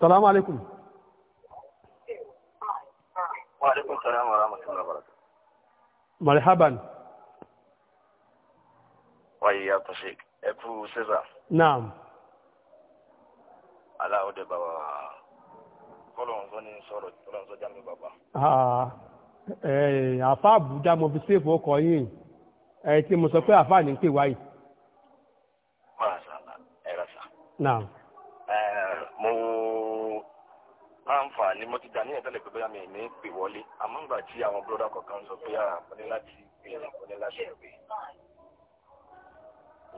salamu alaikum wa alaikum salam wa rahmatullahi wa barakatuh marhaban wa iyyakum sheik ebu seza naam ala ode baba kọlọ̀n sọ ní sọ̀rọ̀ kọlọ̀n sọ jámi bàbá. àfa àbújá mo fi ṣéèfù ọkọ̀ yìí ẹ̀ tí mo sọ pé àfa ní pè wáyìí. máa ṣàlà ẹ̀rọ sà. náà. àǹfààní mo ti dà ní ẹ̀tẹ́lẹ̀ pé bóyá mi ní pè wọlé àmọ́ ìgbà tí àwọn búrọ́dà kọ̀ọ̀kan sọ pé mo ní láti pè mo ní láti pè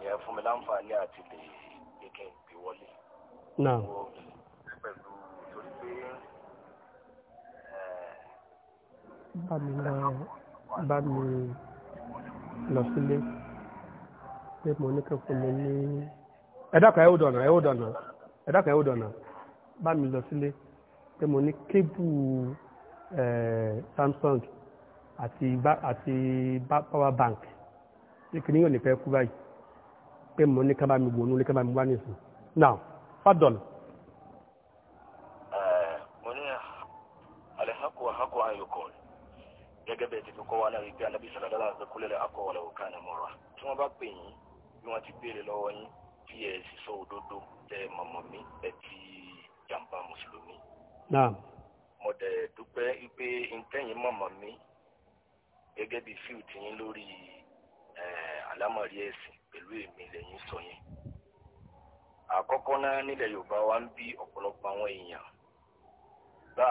ìyẹn fún mi láǹfààní àti lè pé kí n pè wọlé. pẹ̀lú torí pé eh, bá lọ bá lọ sílé pé mo ní kí mi ní ẹ̀dá kan ẹ̀ ó dọ̀nà ẹ̀ ó dọ̀nà ẹ̀dá kan ẹ̀ ó dọ̀nà bá lọ sílé pé mo ní kébù Samsung àti àti power bank pé kí ni yóò lè fẹ́ kú báyìí pé mo ní kábàá mi wònú ní kábàá mi wá nìsín now pardon. fadol. mo ní alihako ahako ayoko gẹ́gẹ́ bẹ́ẹ̀ ti fi kọ́ wa náà wípé alábí sàlàdà láti kúlẹ̀ akọ̀ wọlé òkà ni mo rà tí wọ́n bá pè yín bí wọ́n ti béèrè lọ́wọ́ yín ps sọ òdodo ẹ mọ̀mọ́ mi ẹ ti jàǹbá mùsùlùmí. mo dẹ̀ dúpẹ́ pé ntẹ́yìn mọ̀mọ́ mi gẹ́gẹ́ bí fíù ti yín lórí àlámọ̀rí ẹ̀sìn pẹ̀lú èmi lẹ́yìn sọ yẹn àkọ́kọ́ náà nílẹ̀ Yorùbá wa ń bí ọ̀pọ̀lọpọ̀ àwọn èèyàn bá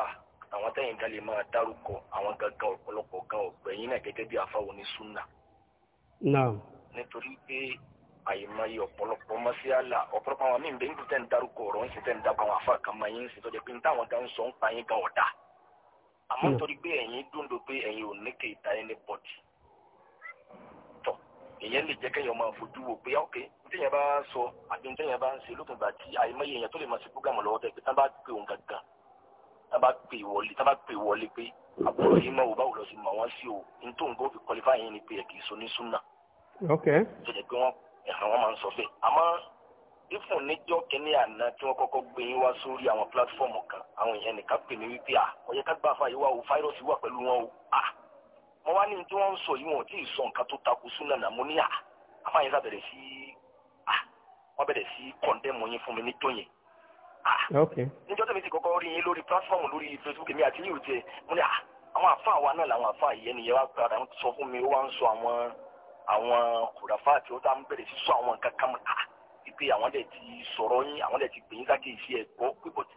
àwọn tẹ́yìn dá lè máa dárúkọ àwọn gangan ọ̀pọ̀lọpọ̀ gan náà gẹ́gẹ́ bí àfáwọn àyèmáyé ọ̀pọ̀lọpọ̀ mọ́síálà ọ̀pọ̀lọpọ̀ àwọn míì bẹ́ẹ̀ ń tẹ̀ ń darúkọ ọ̀rọ̀ ń sì tẹ̀ ń dakọ̀ àwọn afá kan máa yín ń sì tọ́jú pé ń táwọn dá ń sọ ń pa yín gan ọ̀dà àmọ́ hmm. nítorí pé ẹ̀yin dúndò pé ẹ̀yin ò ní kè ta ẹni bọ̀dì tọ̀ ìyẹn lè jẹ́ kẹ́yìn máa fojú wo pé ok ntẹ́yìn bá sọ àbí ntẹ́yìn bá ń ṣe lókun gbà tí àyèmáyé èèyàn tó lè máa ṣe púgàmù lọ́wọ́ tẹ́ pé tá bá pè òun gangan tá bá pè wọlé tá bá pè wọlé pé àbúrò yìí máa wò báwo lọ sí mọ̀ wọ́n sí o ntòǹgò fi kọlifá yẹn ni pé ẹ̀ kì í so ní súnà. ok. tó jẹ́ pé wọ́n àwọn máa ń sọ bẹ́ẹ̀ àmọ́ ifun níjọ́ kínní àná tí wọ́n kọ́kọ́ gbé yín wá sórí àwọn pílátífọ́ọ̀mù kan àwọn èèyàn nìkan pè mí wípé à ọ̀yẹ́ ká gbà fáyé wá o fáírọ́ọ̀sì wà pẹ̀lú wọn o à wọ́n wá ní tí wọ́n ń sọ yìí wọn ò tí ì sọ nǹkan tó takò súnà nà mo ní à àfáàyàn sá bẹ̀rẹ̀ sí à wọ́n bẹ̀rẹ̀ sí kọ̀ndẹ́mù yín fún mi níjọ́ yẹn à níjọ́ tẹ̀mí ti kọ́kọ́ rí yín lórí pílátífọ́ọ̀mù lórí Facebook mi àti yìí ò tiẹ̀ mo ní à àwọn àfáà wa náà làwọn àfáà àwọn kùràfà tí ó dáa ń bẹ̀rẹ̀ sí sọ àwọn nǹkan kan mọ́ta ah, wípé àwọn dẹ̀ ti sọ̀rọ̀ yín àwọn dẹ̀ ti gbè yín sáké ìṣe ẹ̀gbọ́ pípọ̀ tí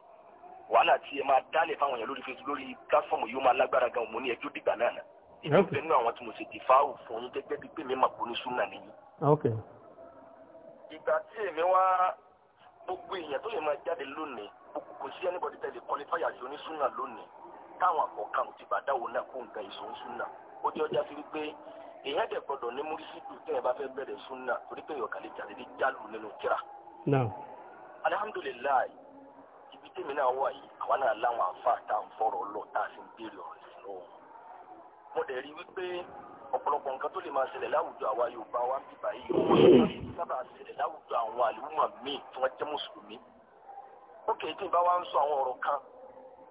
wàhálà tí ẹ máa dálẹ̀ fáwọn èèyàn lórí facebook lórí platform yìí ó máa lágbára gan òmò ní ẹjọ́ dìgbà náà nà ìpínlẹ̀ nínú àwọn tí mo ṣe dìfáwò fún yín gẹ́gẹ́ bíi pé mi máa kó ní súnà nìyí. ìgbà tí èmi wá gbogbo èèyàn tó lè máa jáde lónìí kò sí anybody tẹ́lẹ̀ qualify as onísúnà lónìí táwọn àkọ́kàn ò ti bàdáwò náà kó nǹkan ìṣòwò súnà ó jẹ́ ọjà sí wípé èyàn dẹ̀ gbọ́dọ̀ ní múrísìdù tẹ́ bá fẹ́ bẹ̀rẹ̀ súnà torí pé ìyọ̀kà lè ní jálù nínú kíra. alihamudulilayi ibi tèmi náà wà yìí àwa náà láwọn àǹfà tá à lọ tá a sì ń béèrè ọ̀rọ̀ sí lọ́wọ́. mo dẹ̀ rí wípé ọ̀pọ̀lọpọ̀ nǹkan tó lè máa ṣẹlẹ̀ láwùjọ àwa Yorùbá wa ń bíbá yìí ó sábà ṣẹlẹ̀ láwùjọ àwọn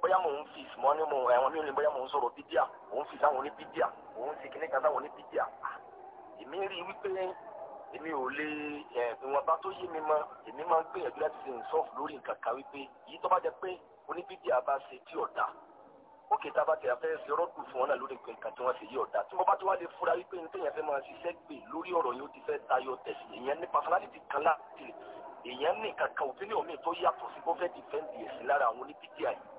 bóyá mò ń fi ìsìmọ́ ní mò ń ẹ̀wọ̀n mi ò ní bóyá mò ń sọ̀rọ̀ bídíà òun fi sáwọn oní bídíà òun fi kíní kan sáwọn oní bídíà ah, èmi rí i wípé èmi ò lè ìwọ̀nba tó yé mi mọ èmi máa ń gbìyànjú láti ṣe ìsọ́ọ̀fù lórí nǹkan kan wípé èyí tó bá jẹ pé oní bídíà bá ṣe tí ọ̀dà ó kè tá a bá tẹ̀ afẹ́ ṣe ọ̀rọ̀ dùn fún wọn náà lórí nǹkan tí wọ́n ṣe yí ọ̀dà tí wọ́n bá ti wá lè fura wípé ní téèyàn fẹ́ máa ṣiṣẹ́ gbè lórí ọ̀rọ̀ yìí ó ti fẹ́ tayọ tẹ̀sí èèyàn ní personality kan láti èèyàn ní kankan òfin ní omi tó yàtọ̀ sí bó fẹ́ dìfẹ́ǹdì ẹ̀sìn lára àwọn oníbídíà yìí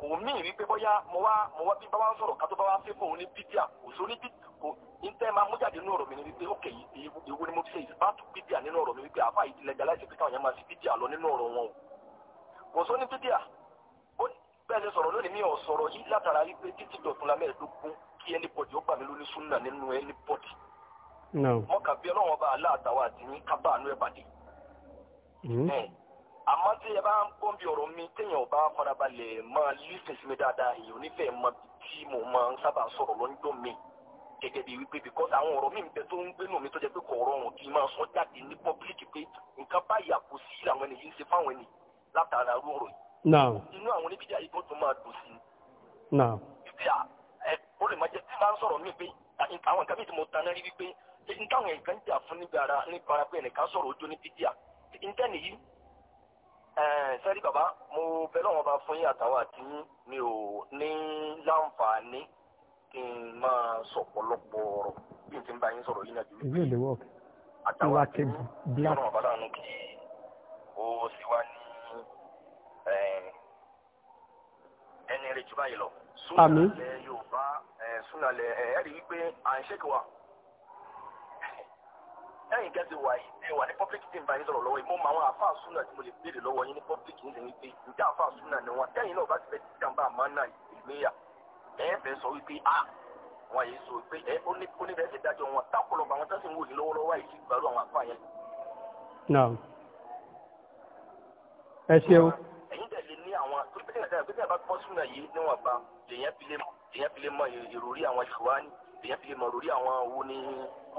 kò mí rí pé bóyá mo wá mo wá bí bá wá sọ̀rọ̀ ká tó bá wá fẹ́ fún òun ní bídíà kò sí ní bídíà kò ní tẹ́ máa mú jáde nínú ọ̀rọ̀ mi ni wípé ókè ìwé ni mo fi ṣe ìbátú bídíà nínú ọ̀rọ̀ mi wípé àfa yìí ti lẹ́gà láìsí pé káwọn yẹn máa fi bídíà lọ nínú ọ̀rọ̀ wọn o kò sọ ní bídíà bẹ́ẹ̀ ṣe sọ̀rọ̀ lónìí mi ò sọ̀rọ̀ yìí látara wípé títí dọ̀tun la mẹ́ẹ̀ẹ́dógún kí àmọ́ tí ẹ bá ń bọ́n ọ̀rọ̀ mi téèyàn ò bá farabalẹ̀ máa lísìn sí dáadáa èyí onífẹ̀ẹ́ mọ tí mo máa ń sábà sọ̀rọ̀ lọ́jọ́ mi gẹ́gẹ́ bí wípé because àwọn ọ̀rọ̀ mi ń bẹ tó ń gbénu mi tó jẹ́ pé kò rọrùn kí n máa sọ jáde ní pọ́bílíkì pé nǹkan báyìí àpò sí àwọn ènìyàn ṣe fáwọn ènìyàn látara irú ọ̀rọ̀ yìí. inú àwọn oníbíjà yìí gbọ́dọ̀ máa dùn sí i. ibi ẹ ó lè má jẹ tí máa ń sọ̀rọ̀ mí pé àwọn nǹkan mi tí mo taná rí wípé nǹkan àwọn nǹkan jà fún níbi ara níbi ara pé ẹnìkan sọ̀rọ̀ ojú ní Eh, sẹ́rí bàbá mo bẹ lọ́wọ́ bá fún yín àtàwọn àti mi ò ní láǹfààní kí n máa sọ̀pọ̀lọpọ̀ ọ̀rọ̀ bí n ti ń bá yín sọ̀rọ̀ yín náà jù àtàwọn àti mi lọ́wọ́ bá dànù kí ó sì wá ní eh, ẹni rẹ̀ jù báyìí lọ. àmín. súnalẹ̀ Yorùbá eh, súnalẹ̀ ẹ̀ẹ́dì wípé à ń ṣèkè wa ẹ̀yin kẹ́sì wà yìí ẹ wà ní public team báyìí sọ̀rọ̀ lọ́wọ́ yìí mo mọ àwọn àfa àsúnà tí mo lè béèrè lọ́wọ́ yín ní public yìí ní pé ìjà àfa àsúnà ni wọn tẹ́yìn náà bá ti fẹ́ ti jàǹbá àmánà ìgbéyà ẹ fẹ́ sọ wípé a ah! wọn yìí sọ pé ẹ ó ní ó ní bẹ́ẹ̀ ti dájọ́ wọn tákùlọ̀ bá wọn tẹ́sí wò ní lọ́wọ́lọ́wọ́ yìí gbàlú àwọn àfa yẹn. ẹ ṣeun. ẹ̀yin tẹ̀ lé ní àwọn tó bí bá bọ́ súnà yìí èyàn ti mọ lórí àwọn owó ní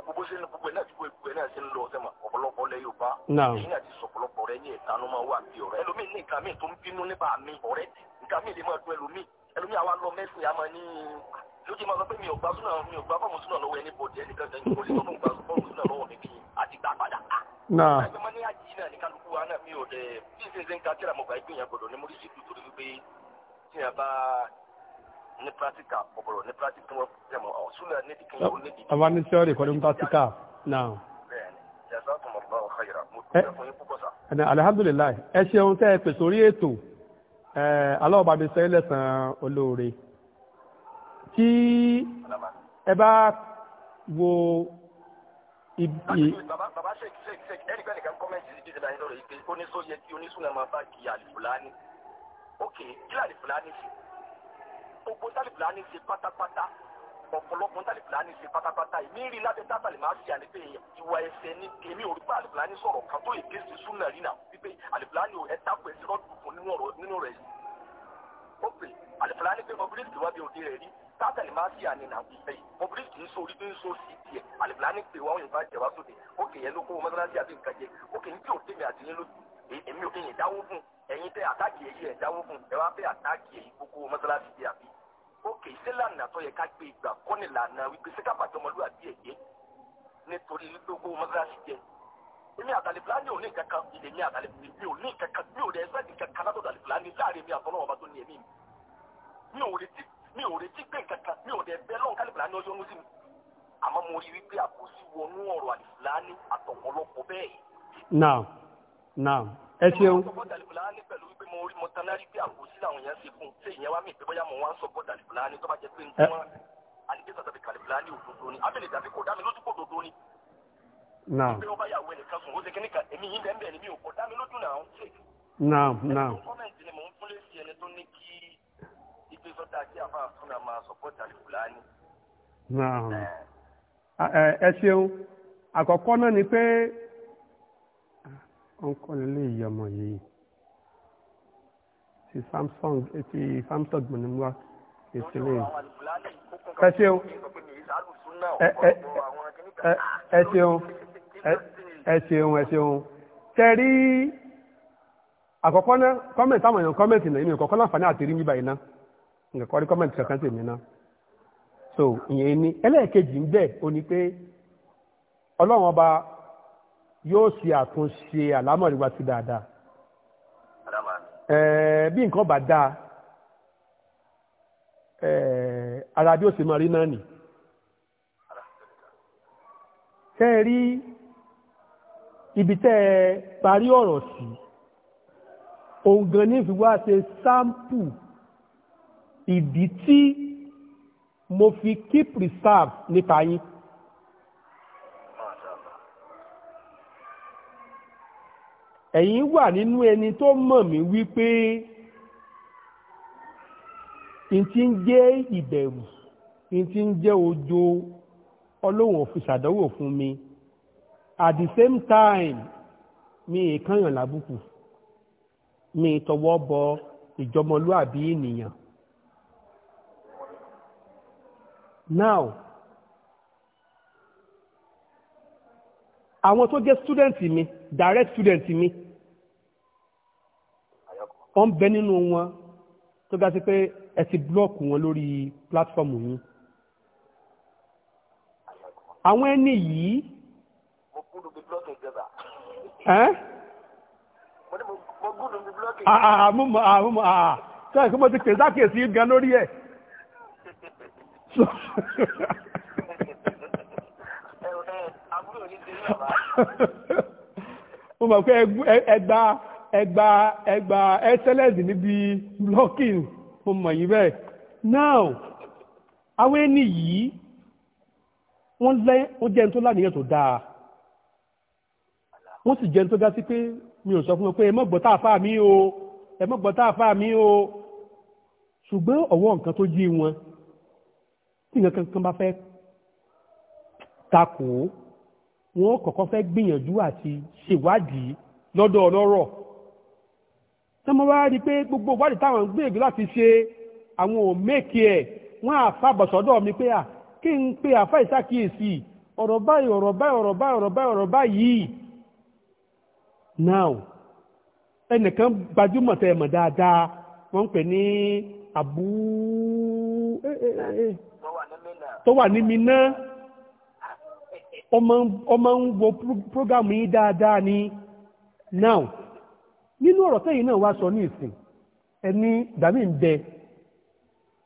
gbogbo ṣe ń gbogbo ẹ̀ náà ti gbogbo ẹ̀ náà ṣe ń lọ ọ̀sẹ̀ ọ̀pọ̀lọpọ̀ lẹ Yorùbá èyí náà ti sọ̀pọ̀lọpọ̀ rẹ ní ẹ̀ta ló máa wà bí ọ̀rẹ́ ẹlòmíì ní nǹkan míì tó ń bínú nípa mi ọ̀rẹ́ nǹkan míì lè máa dún ẹlòmíì ẹlòmíì àwa lọ mẹ́sìn àmọ́ ní ah, lójú máa sọ pé mi ò gbà súnà mi ò gbà fọ́ọ̀mù súnà lọ́wọ́ ẹni bọ̀dì ẹnìkan ṣe ń kọ́lé tó ń gbà fọ́ọ̀mù súnà lọ́wọ́ mi bí àti gbà padà. Ah, ẹgbẹ́ mọ́ ní àjì náà ní kálukú wa náà mi ò dẹ̀ bí ṣe ń ka tíra mo gbà ẹgbẹ́ yẹn gbọ́dọ̀ ní mo rí ṣètò torí wípé tí yẹn bá ní practical ọ̀bọ̀rọ̀ ní practical wọn tẹ̀ mọ́ ọ̀ súnà ní ti kí wọ́n ní ti. àwa ní theory kọ́ ní practical now. bẹ́ẹ̀ni jasa tọmọ bá wọn kàyìrà mo eh. dúpẹ́ fún yín púpọ̀ sá. ẹnì alihamudulilayi ẹ ṣeun tẹ́ ẹ pèsè orí ètò aláwọ̀bàbí sẹ́yìn lẹ́sàn-án olóore tí ẹ bá wo ibi. bàbá ṣèkì ṣèkì ṣèkì ẹnìkan nìkan kọ́mẹ́ntì sí ìdílé ayélujára yìí pé oníṣòyẹ tí oníṣúná máa bá kí àlìfúlání ókè kí gbogbo tálíbìlà ní ṣe pátápátá ọ̀pọ̀lọpọ̀ tálíbìlà ní ṣe pátápátá èmi rí lábẹ́ dátàlì máa ṣe àní pé ìwà ẹsẹ̀ ní èmi ò rí pé àlìbìlà ní sọ̀rọ̀ kan tó èké sí súnà rí náà wípé àlìbìlà ní ẹ tako ẹsẹ̀ lọ́dún nínú rẹ̀ yìí. ó pè àlìbìlà ní pé bọ́bílíìsì wá bí òde rẹ̀ rí dátàlì máa ṣe àní náà wípé bọ́bílíìsì ń sórí ń só sí tiẹ̀ àlìbìlà ní pé wọ́n yìnbọn jẹ̀wá sóde ókè yẹn ló kó mọ́tàlásí àti nǹkan jẹ ókè ní tí ò tẹ̀mí àtìyẹn lójú èmi ò fi yìn dáwó fún ẹ̀yin tẹ́ àtàkì èyí ẹ̀ dáwó fún ẹ wá fẹ́ àtàkì èyí gbogbo mọ́tàlásí àti òkè sílànà tó yẹ ká gbé ìgbà kọ́ni lànà wípé sí kábàtì ọmọlúwàbí ẹ̀ jẹ́ nítorí gbogbo mọ́sálásí jẹ́ èmi àtàlẹ́fìlání ò ní kankan ilé mi àtàlẹ́fìlání mi ò ní kankan mi ò rẹ̀ ẹ̀sẹ̀ kankan látọ̀ àtàlẹ́fìlání láàrin mi àtọ́lọ́wọ́ba tó ní ẹ̀mí mi mi ò retí mi ò retí pé kankan mi ò rẹ̀ bẹ́ẹ̀ lọ́wọ́ kálífìlání ọyọ́nú sí mi àmọ́ mo rí wípé àkóso wọnú ọ̀rọ̀ àtàlẹ́fìlání àtọ̀pọ̀lọpọ̀ bẹ́ẹ̀. now now ẹ ṣeun. naam naam naam. naam ẹ ṣeun àkọ́kọ́ náà ni pé ọ̀nkọ́ni lè yí ọmọ yìí ti samsung ti samsung mi ni mo wá èsì lè. ẹ ṣeun ẹ ṣeun ẹ ṣeun ẹ ṣeun tẹ̀rí àkọ́kọ́ náà kọ́mẹ̀ntì àwọn èèyàn kọ́mẹ̀ntì náà ìmìíràn kọ́kọ́ láǹfààní àti rí mi báyìí náà nǹkan kọ́ rí kọ́mẹ̀ntì kankan tèmi náà so ìyẹn ni ẹlẹ́ẹ̀kejì ń bẹ̀ ó ní pé ọlọ́run ọba yóò ṣe àtúnṣe àlámọ̀rí wa sí dáadáa bí nǹkan bá dáa ara bí ó ṣe máa rí náà nì tẹ́ ẹ rí ibi tẹ́ ẹ parí ọ̀rọ̀ sí òun gan ní ìfiwá ṣe sáǹpù ìdí tí mo fi keep reserve nípa yín. ẹ̀yin wà nínú ẹni tó mọ̀ mí wípé n ti ń jẹ́ ìbẹ̀rù n ti ń jẹ́ ojo ọlọ́wọ̀n òfin ṣàdánwò fún mi at the same time mi èkányàn lábùkù mi tọwọ́ bọ ìjọmọlúàbí ènìyàn now àwọn tó jẹ́ student mi direct student mi ọ ń bẹ nínú wọn tó ga sí pé ẹ ti blọ́ọ̀kù wọn lórí pílátífọ́ọ̀mù yín àwọn ẹni yìí. Ah, ah, ah, mo gbúdọ̀ bí blọ́ọ̀kì ìjọba. ẹ́. mo ní mo gbúdọ̀ bí blọ́ọ̀kì ìjọba. àà mo mọ àà mo mọ àà tí wọ́n ti mo ti pè sákèsí gan lórí ẹ̀. mo mọ̀ pé ẹgbà ẹgbà ẹgbà excellence níbi blocking mo mọ̀ yí bẹ́ẹ̀ now àwọn ẹni yìí wọ́n lẹ́ wọ́n jẹ́ ẹni tó láníyàn tó dáa wọ́n sì jẹ́ ẹni tó dá sí pé mi ò sọ fún wọn pé ẹ mọ̀ gbọ́ tá a fà mí o ẹ mọ̀ gbọ́ tá a fà mí o ṣùgbọ́n ọ̀wọ́ nǹkan tó jí wọn tí nǹkan kankan bá fẹ́ takò wọ́n kọ́kọ́ fẹ́ gbìyànjú àti ṣèwádìí lọ́dọ̀ ọlọ́rọ̀ tí wọ́n wá rí pé gbogbo ìwádìí táwọn ń gbìyànjú láti ṣe àwọn ò ẹ̀ wọ́n àfa mi pé à kí n pe àfa ìṣàkíyèsí ọ̀rọ̀ báyìí ọ̀rọ̀ báyìí ọ̀rọ̀ báyìí ọ̀rọ̀ báyìí ọ̀rọ̀ báyìí now ẹnìkan gbajúmọ̀ tẹ́ ẹ mọ̀ dáadáa ọmọ ń program dáadáa ni now. nínú ọ̀rọ̀ tẹ́yìn náà wá sọ ní ìsìn ẹni dàmí ń bẹ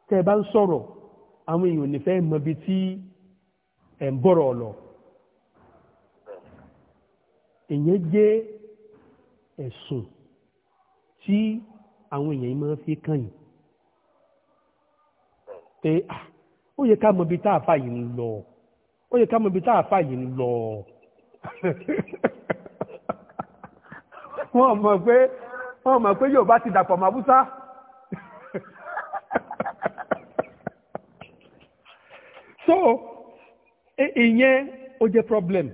tẹ́ bá ń sọ̀rọ̀ àwọn èèyàn nífẹ́ mọbi tí ẹ̀ ń bọ̀rọ̀ ọ̀lọ̀ èyàn jẹ́ ẹ̀sùn tí àwọn èèyàn máa fi kàyìn pé ó yẹ ká mọbi tá àfà yìí ń lọ ó yẹ ká mọbi tá àfà yìí ń lọ wọ́n mọ̀ pé wọ́n mọ̀ ti dàpọ̀ màbúsá so ìyẹn ó jẹ́ problem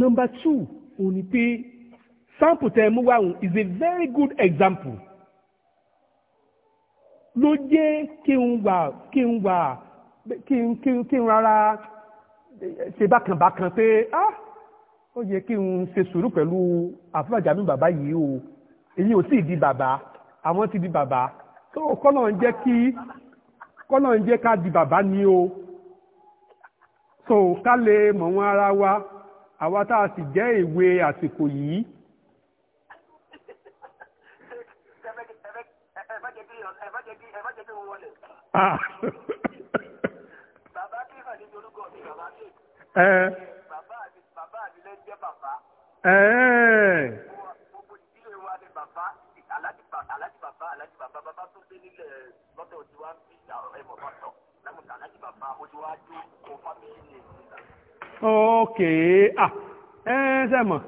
number two ó pé sample tẹ́ mú wá is a very good example ló jẹ́ kí n wà kí n wà kí n rárá ṣe bákan bákan pé ah ó yẹ kí n ṣe sùúrù pẹ̀lú àfúràjà mi bàbá yìí o èyí ò sì di bàbá àwọn ti di bàbá tó kọ́nà ń jẹ́ kí kọ́nà ń jẹ́ ká di bàbá ni o so ká lè mọ̀ wọ́n ara wa àwa tá a sì jẹ́ èwe àsìkò yìí. Ah. bàbá kí hàn ní orúkọ mi bàbá kí ókè à ẹ sẹ́mọ̀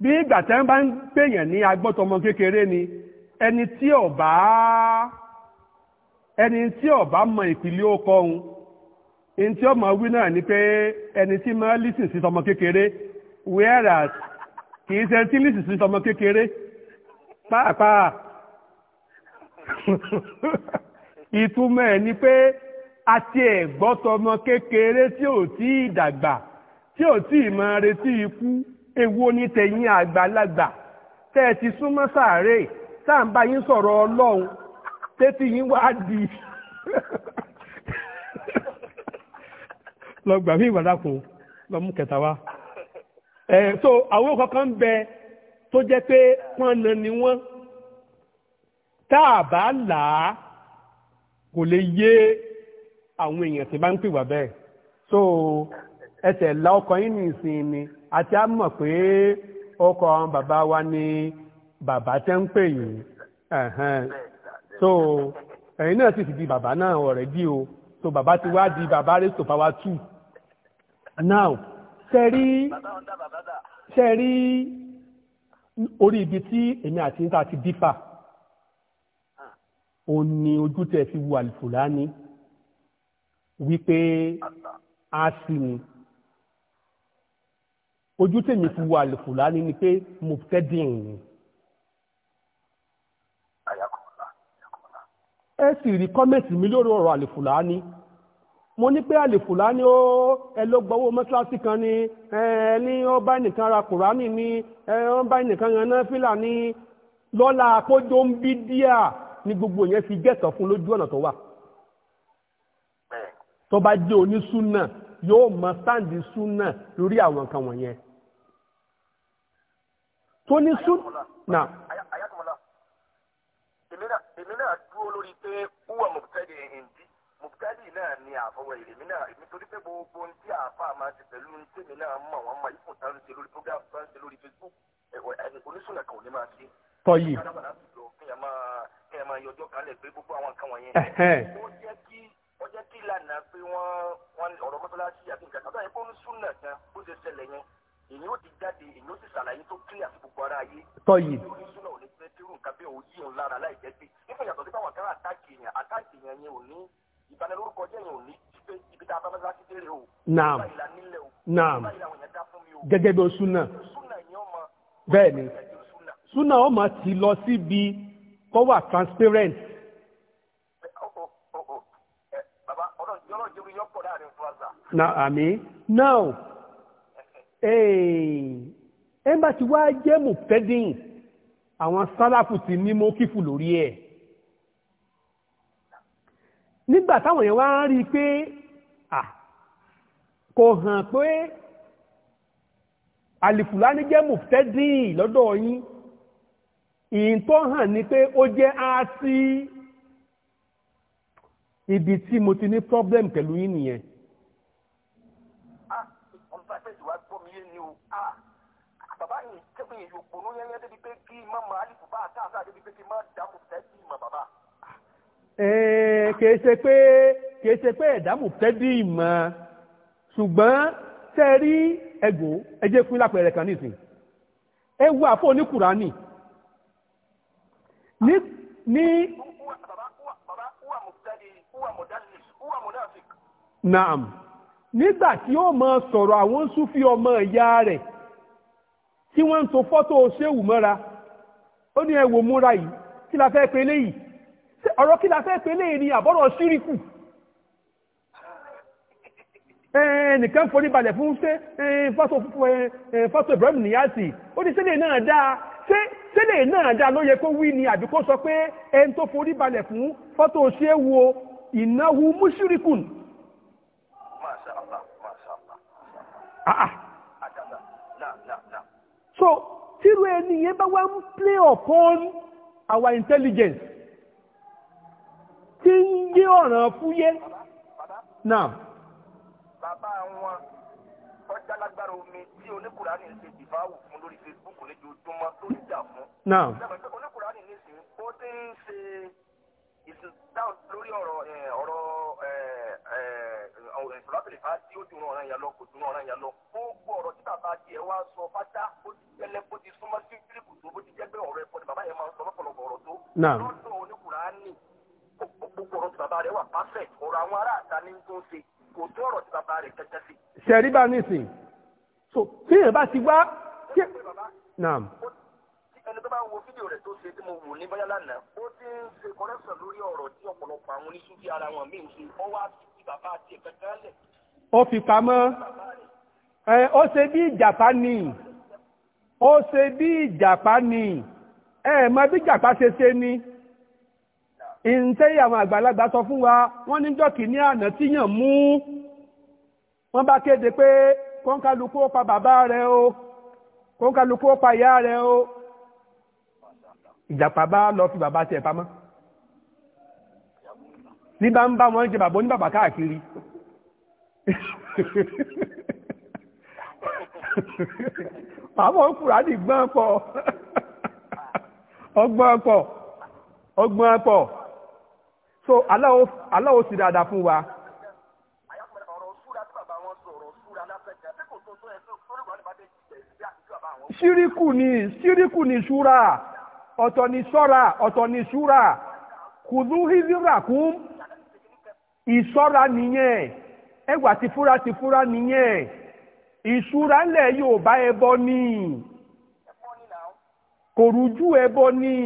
bí ìgbà tẹ́ ń bá ń gbèyàn ní agbọ́tọmọ kékeré ni ẹni tí ò bá ẹni tí ò bá mọ ìpìlẹ̀ ọkọ òun ẹni tí ó mọ̀ wí náà ni pé ẹni tí máa lísìn sí tọmọ kékeré whereas kì í ṣe tí lísì sí ọmọ kékeré pàápàá ìtumọ̀ ẹ̀ ni pé àti ẹ̀gbọ́ tọmọ kékeré tí ò tí ì dàgbà tí ò tí ì máa retí ikú ewu ní tẹ̀yìn àgbàlagbà tẹ́ ẹ ti súnmọ́ sàárè tá à ń bá yín sọ̀rọ̀ ọlọ́run tẹ́tí yín wá di lọ gbà mí ìwà dákun lọ mú kẹta wá so àwọn kankan ń bẹ tó jẹ́ pé pọ́nna ni wọ́n tá a bá là á kò lè yé àwọn èèyàn tí bá ń pè wá bẹ́ẹ̀ so ẹsẹ̀ la ọkọ̀ yín ní ìsìn ni àti á mọ̀ pé ọkọ̀ àwọn bàbá wa ni bàbá tẹ́ ń pè yìí so ẹ̀yin náà sì ti di bàbá náà already o so bàbá ti wá di bàbá raise to power two now ṣẹ̀rí ṣẹ̀rí orí ibi tí èmi àti níta ti dífà ó ní ojú tẹ̀ fi wo àlùfùlání wípé a sì ni ojú tèmi fi wo àlùfùlání ni pé mo fẹ́ dín ní. ẹ sì rí kọ́mẹ̀tì mi lórí ọ̀rọ̀ àlùfùlání mo ní pé àlèfùlá ni ó ẹlọgbọwọ mọ́ṣáláṣí kan ni ẹni ó bá nìkan ra kùránì ni ó bá nìkan yan náà fìlà ni lọ́la àkójọ ń bí díà ni gbogbo yẹn fi gẹ̀tọ̀ fún lójú ọ̀nà tó wà tó bá jẹ́ onísúnà yóò mọ sáǹdì súnà lórí àwọn nǹkan wọ̀nyẹn tó ní súnà. èmi náà dúró lórí pé wúwà mọ̀ àfọwọ́ èmi náà nítorí pé gbogbo ohun tí àáfà máa ti pẹ̀lú ní tèmi náà mọ̀ wọ́n mọ ipò tá ń ṣe lórí program tá ń ṣe lórí Facebook oníṣùnà kan ò ní máa ṣe. tọ́yì. ó jẹ́ kí ó pé wọ́n ọ̀rọ̀ mọ́tòláṣí àti nǹkan tó dáyẹ̀ pé oníṣùnà kan bó ṣe ṣẹlẹ̀ yẹn èyí ó ti jáde èyí ó ti ṣàlàyé tó kílẹ̀ àti gbogbo ara ayé. tọ́yì. oníṣùnà ò ní fẹ́ kírun nǹkan bí yí òun lára láì jẹ́ pé nípa ìyàtọ̀ sí báwọn kan àtàkì yẹn àtàkì yẹn yẹn ò ní ìbanilórúkọ jẹ́ yẹn ò ní pé ibi tá a bá bá sá títí rè o. naam naam gẹ́gẹ́ bí o súnà. bẹ́ẹ̀ ni súnà ó máa ti lọ síbi kó wà transparent. na àmì now eh, ẹ bá ti wá jẹ́ mùpẹ́dìn àwọn sálàfù ti ní mọ́kífù lórí ẹ̀ nígbà táwọn èèyàn wá ń rí i pé à kò hàn pé àlìfùlání jẹ́ mùfẹ́dìn lọ́dọ̀ yín ìyìn tó hàn ni pé ó jẹ́ á sí ibi tí mo ti ní problem pẹ̀lú yín nìyẹn. bàbá yìí kẹ́kọ̀ọ́ yìí yòókù ní débi pé kí mọ́mọ́ àlìfù bá àtàtà débi pé kí mọ́ dàmú fẹ́ sí ìmọ̀ bàbá. Eh, kìí ṣe pé kìí ṣe pé ẹ̀dámù tẹ́dí ìmọ̀ ṣùgbọ́n tẹ́ rí ẹgò ẹjẹ́ fún lápẹẹrẹ kan nìsín ẹ wo àfọ ní kùránì ní ní. naam nígbà tí ó mọ sọ̀rọ̀ àwọn súfì ọmọ ìyá rẹ̀ tí wọ́n ń to fọ́tò ṣéwù mọ́ra ó ní ẹ wò múra yìí kí la fẹ́ pe léyìí ọ̀rọ̀ kí la fẹ́ pé lè síríkù nìkan forí balẹ̀ fún ṣe fọ́tò Ibrahim Niyasi ó ní ṣẹlẹ̀ náà dáa ṣẹlẹ̀ náà dáa ló yẹ kó wí ni àbí sọ pé ẹni tó forí balẹ̀ fún fọ́tò ṣe wo ìnáwó mushrikun. so tíru ẹni yẹn bá wá play upon our intelligence tí ń gbé ọ̀ràn fúyẹ́ náà. bàbá wọn ọjà lágbára omi tí oníkùránì ń ṣe dìbáwò fún lórí Facebook lójoojúmọ́ tó ń jà fún. náà oníkùránì ní sìn ó ti ń ṣe ìsìndáhùn lórí ọ̀rọ̀ ọ̀rọ̀ ìsọ̀rọ̀tẹ̀lẹ̀fà tí ó dùn ọ̀ràn yẹn kò dùn ọ̀ràn yẹn lọ. gbogbo ọ̀rọ̀ tí bàbá tiẹ̀ wá sọ pátá ó ti tẹ́lẹ̀ bó ti súnmọ́ sí fílípù tó bó ti jẹ́ pé ọ̀rọ̀ ẹ̀fọ́ ni bàbá yẹn máa ń sọ lọ́pọ̀lọpọ̀ ọ̀rọ̀ tó. tẹ̀ríbà nísìn so tí èèyàn bá ti wá tí naam. ẹni tó bá wo fídíò rẹ̀ tó ṣe tí mo wò ní bóyá lánàá ó ti ń ṣe kọ́rẹ́sọ̀ lórí ọ̀rọ̀ tí ọ̀pọ̀lọpọ̀ àwọn oníṣúfì ara wọn míì ṣe ó wá sí bàbá àti ìkẹ́kẹ́ lẹ̀. ó fi pamọ́ ó ṣe bí ìjàpá ni ó ṣe bí ìjàpá ni ẹ mọ bí ìjàpá ṣe ṣe ni ìǹtẹ́yì àwọn àgbàlagbà sọ fún wa wọ́n níjọ́ kìíní àná tíyàn mú wọ́n bá kéde pé kọ́ńkálukú ó pa bàbá rẹ̀ o kọ́ńkálukú ó pa ìyá rẹ̀ o ìjàpá bá lọ fi bàbá tiẹ̀ pamọ́ ní bá ń bá wọn jẹ bàbá oníbàbà káàkiri àwọn fúlàní gbọ́n pọ̀ ọgbọ́n pọ̀ ọgbọ́n pọ̀ so aláwo sì dáadáa fún wa. síríkù ni síríkù ni ṣúra ọ̀tọ̀ ni ṣọ́ra ọ̀tọ̀ ni ṣúra kùdú hídírà kún ìṣọ́ra nìyẹn ẹgbà ti fúra ti fúra nìyẹn ìṣúra ńlẹ̀ yóò bá ẹbọ ni kò rújú ẹbọ ni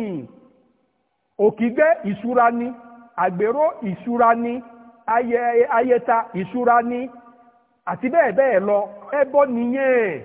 òkìgbẹ́ ìṣúra ni àgbèrò ìṣúra ni ayẹta ìṣúra ni àti bẹ́ẹ̀ bẹ́ẹ̀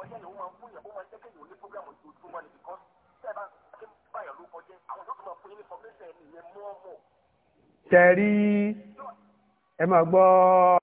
orúkọ jẹ́ ni máa fún yàn ó máa ń jẹ́ ní programu ojoojúmọ́ ni because tẹ́ ẹ bá ṣe àwọn yóò tún máa fún yín ní information ẹ̀ mọ́ mọ́. tẹ̀rí ẹ máa gbọ́.